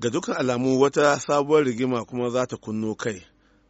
Ga dukkan alamu wata sabuwar rigima kuma za ta kunno kai.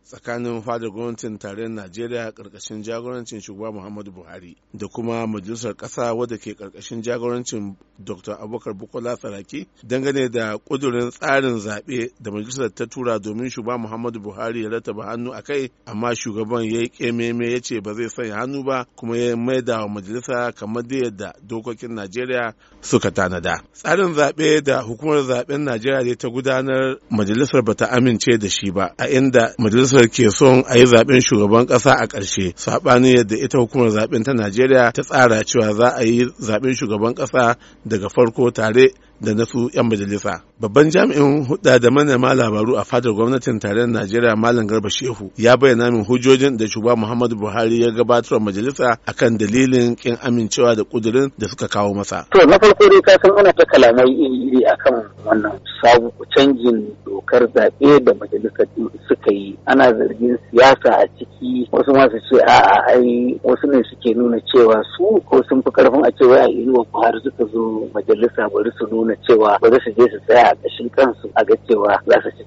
tsakanin fadar gwamnatin tarayyar najeriya karkashin jagorancin shugaba muhammadu buhari da kuma majalisar ƙasa wadda ke karkashin jagorancin dr abubakar bukola saraki dangane da ƙudurin tsarin zaɓe da majalisar ta tura domin shugaba muhammadu buhari ya rataba hannu a kai amma shugaban ya yi kememe ya ce ba zai sanya hannu ba kuma ya maida wa majalisa kamar da yadda dokokin najeriya suka tanada tsarin zaɓe da hukumar zaɓen najeriya ta gudanar majalisar bata amince da shi ba a inda majalisar ƙasar ke son a yi zaɓen shugaban kasa a ƙarshe saɓanin yadda ita hukumar zaɓen ta najeriya ta tsara cewa za a yi zaɓen shugaban ƙasa daga farko tare da nasu 'yan majalisa. Babban jami'in hudda da manema labaru a fadar gwamnatin tarayyar Najeriya Malam Garba Shehu ya bayyana min hujjojin da shugaban Muhammadu Buhari ya gabatar wa majalisa akan dalilin kin amincewa da kudirin da suka kawo masa. To na farko dai ka san ana ta kalamai iri iri akan wannan sabu canjin dokar zaɓe da majalisar suka yi ana zargin siyasa a ciki wasu masu ce a'a ai wasu ne suke nuna cewa su ko sun fi karfin a cewa a inuwa buhari suka zo majalisa bari su nuna cewa bari su je su tsaya a ƙashin kansu a ga cewa za su ci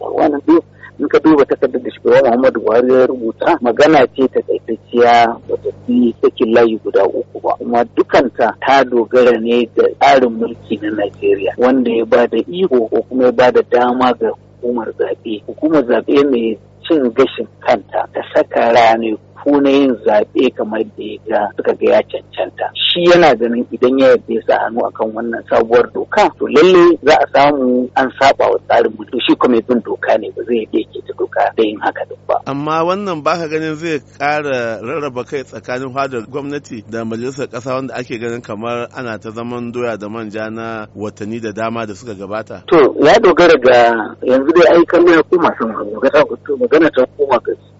ba wannan duk in ka duba takardar da shugaban muhammadu buhari ya rubuta magana ce ta ƙaitacciya wata bi take layi guda uku ba kuma dukanta ta dogara ne da tsarin mulki na Najeriya wanda ya ba da iko ko kuma ya ba da dama ga hukumar zaɓe hukumar zaɓe mai cin gashin kanta ta saka rane ko na yin zaɓe kamar da ya ga suka ga ya cancanta shi yana ganin idan ya yarda ya sa hannu akan wannan sabuwar doka to lalle za a samu an saba wa tsarin mutum shi kuma bin doka ne ba zai iya ke ta doka da yin haka duk ba amma wannan baka ganin zai ƙara rarraba kai tsakanin fadar gwamnati da majalisar ƙasa wanda ake ganin kamar ana ta zaman doya da manja na watanni da dama da suka gabata to ya dogara ga yanzu dai ai kallon ko sun magana ta hukuma gaskiya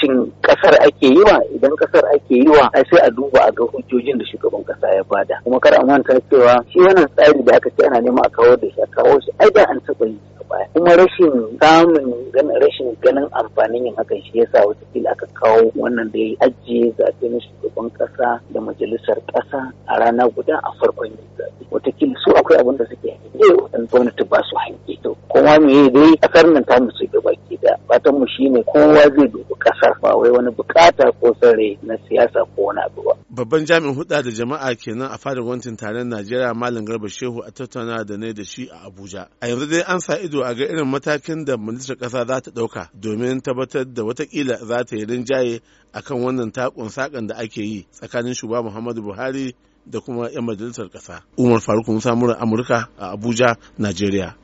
shin kasar ake yi wa idan kasar ake yi wa ai sai a duba a ga hujjojin da shugaban kasa ya bada kuma kar a manta cewa shi wannan tsari da aka ce ana neman a kawo da shi a kawo shi ai da an taɓa yi a baya kuma rashin samun ganin rashin ganin amfanin yin hakan shi yasa kila aka kawo wannan da ya ajiye zaɓe na shugaban kasa da majalisar ƙasa a rana guda a farkon yin zaɓe watakila su akwai abin da suke hange wani gwamnati ba su hange to kuma me dai ƙasar nan ta musu gaba daya fatan mu shine kowa zai dubi kasar ba wai wani bukata ko sare na siyasa ko wani abu babban jami'in hudda da jama'a kenan a fadar wantin taron Najeriya Mallam Garba Shehu a tattauna da ne da shi a Abuja a yanzu dai an sa ido a ga irin matakin da ministar kasa za ta dauka domin tabbatar da watakila za ta yi rinjaye akan wannan takon sakan da ake yi tsakanin shugaba Muhammadu Buhari da kuma 'yan majalisar ƙasa. Umar Faruk Musa Amurka a Abuja, Najeriya.